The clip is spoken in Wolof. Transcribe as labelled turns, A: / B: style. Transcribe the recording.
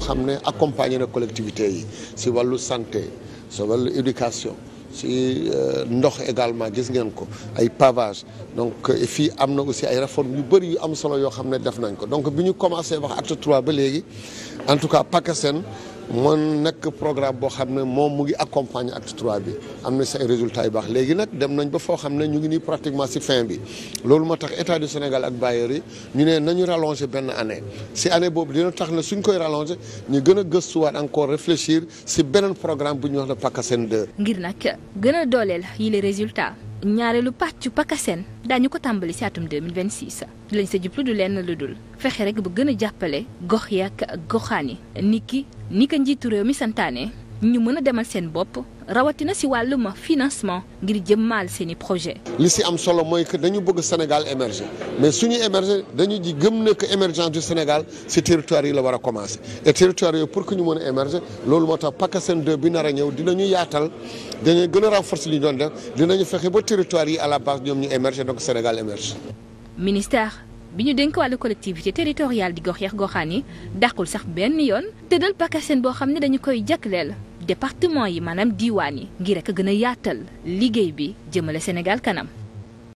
A: xam ne accompagner na collectivité yi si wàllu santé si wàllu éducation si euh, ndox également gis ngeen ko ay pavage donc fii am na aussi ay réformes yu bëri yu am solo yoo xam ne def nañ ko donc bi ñu commencé wax acte trois ba léegi en tout cas PACASEN mu nekk programme boo xam ne moom mu ngi accompagner acte trois bi am na say résultats yu baax léegi nag dem nañ ba foo xam ne ñu ngi nii pratiquement si fin bi loolu moo tax état du Sénégal ak bailleurs yi ñu ne nañu rallonger benn année si année boobu dina tax na suñ koy rallonger ñu gën a gëstuwaat encore réfléchir si beneen programme bu ñuy wax ne PACASEN de
B: ngir nag gën a dooleel yi les résultat ñaareelu pàccu daa ñu ko tàmbali si atum 2026 lañ sa jublu du dul. fexe rek bu gën a jàppale gox yàq goxaan yi niki ni ko njiitu réew mi santaane ñu mën a demal seen bopp rawatina si wàllum financement ngir jëmmaal seen i projet
A: li si am solo mooy que dañu bëgg Sénégal émerger mais suñu émerger dañu ji gëm na que émergence du Sénégal si territoire yi la war a commencer et territoire yooyu pour que ñu mën a émerger loolu moo tax PACASEN 2 bi nar a ñëw dinañu yaatal dañuy gën a renforcer li ñu doon def dinañu fexe ba territoire yi à la base ñoom ñu émerger donc Sénégal émerge
B: ministère bi ñu dénk wàllu collectivité territoriale di gox yeex goxaan yi dàqul sax benn yoon te tëddal pakaseen boo xam ne dañu koy jagleel département yi maanaam diiwaan yi ngir a gën a yaatal liggéey bi jëmale Sénégal kanam